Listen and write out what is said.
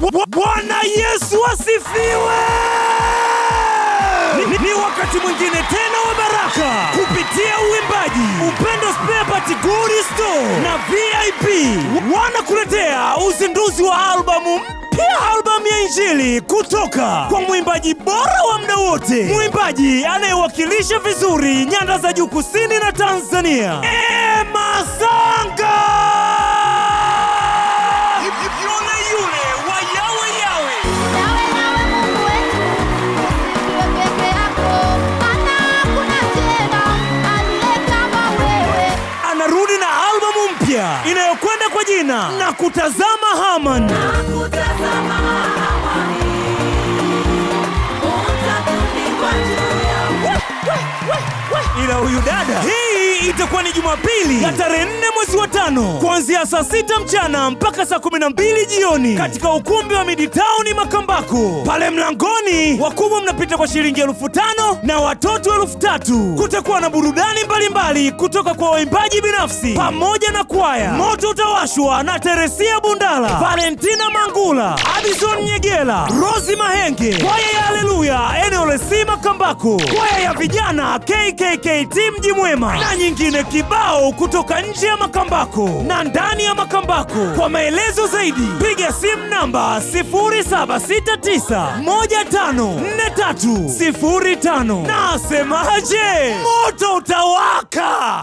Bwana Yesu asifiwe! Ni, ni wakati mwingine tena wa baraka kupitia uimbaji Upendo Spare Part Glory Store na VIP wanakuletea uzinduzi wa albamu mpya, albamu ya Injili kutoka kwa mwimbaji bora wa muda wote, mwimbaji anayewakilisha vizuri nyanda za juu kusini na Tanzania e mpya inayokwenda kwa jina na kutazama Haman. Ila huyu dada hii hii itakuwa ni Jumapili ya tarehe nne mwezi wa tano kuanzia saa sita mchana mpaka saa mbili jioni katika ukumbi wa Miditown Makambako. Pale mlangoni, wakubwa mnapita kwa shilingi elfu tano na watoto elfu tatu. Kutakuwa na burudani mbalimbali kutoka kwa waimbaji binafsi pamoja na kwaya. Moto utawashwa na Teresia Bundala, Valentina Mangula, Adison Nyegela, Rosi Mahenge, kwaya Haleluya, eneo Sima Kambaku, kwaya ya vijana KKKT Mji Mwema na nyingine kibao kutoka nje ya Makambaku na ndani ya Makambaku. Kwa maelezo zaidi piga simu namba 0769154305 na semaje, moto utawaka.